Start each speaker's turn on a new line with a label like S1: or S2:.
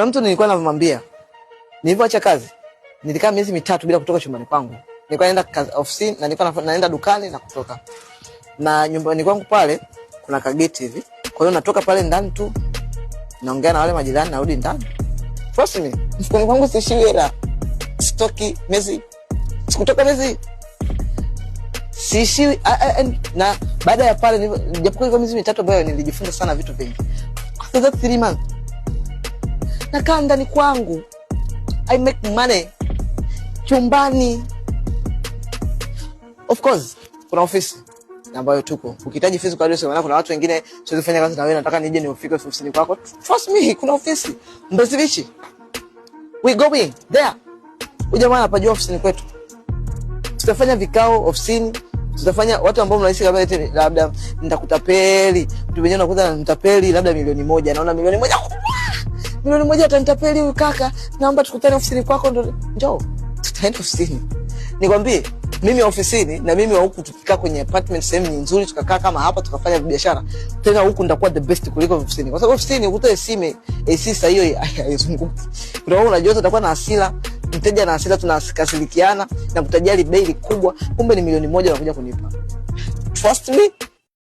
S1: Kuna mtu nilikuwa namwambia, nilipoacha kazi nilikaa miezi mitatu bila kutoka chumbani kwangu. Nilikuwa naenda ofisini na nilikuwa naenda dukani na kutoka. Na nyumbani kwangu pale kuna kageti hivi. Kwa hiyo natoka pale ndani tu naongea na wale majirani narudi ndani. Trust me, mfukoni kwangu siishi hela. Sitoki miezi sikutoka miezi siishi na baada ya pale japokuwa miezi mitatu ambayo nilijifunza sana vitu vingi. After that three months nakaa ndani kwangu, I make money chumbani. Of course kuna ofisi ambayo tuko, ukihitaji physical address, maana kuna watu wengine siwezi kufanya kazi na wewe, nataka nije nifike ofisini kwako, trust me, kuna ofisi Mbezi Beach, we going there. Huyu jamaa anapajua ofisini kwetu, tutafanya vikao ofisini tutafanya watu ambao mnahisi kama labda nitakutapeli mtu mwenyewe unakuta nitapeli labda milioni moja, naona milioni moja milioni moja utanitapeli huyu kaka, naomba tukutane ofisini kwako. Ndo njoo, tutaenda ofisini nikwambie mimi ofisini na mimi wa huku tukikaa kwenye apartment sehemu ni nzuri tukakaa kama hapa tukafanya biashara tena, huku ndakuwa the best kuliko ofisini, kwa sababu ofisini ukuta AC, esisa hiyo haizunguki. Unaona, unajua utakuwa na hasira, mteja na hasira, tunakasirikiana na kutajali bei kubwa, kumbe ni milioni moja unakuja kunipa. Trust me.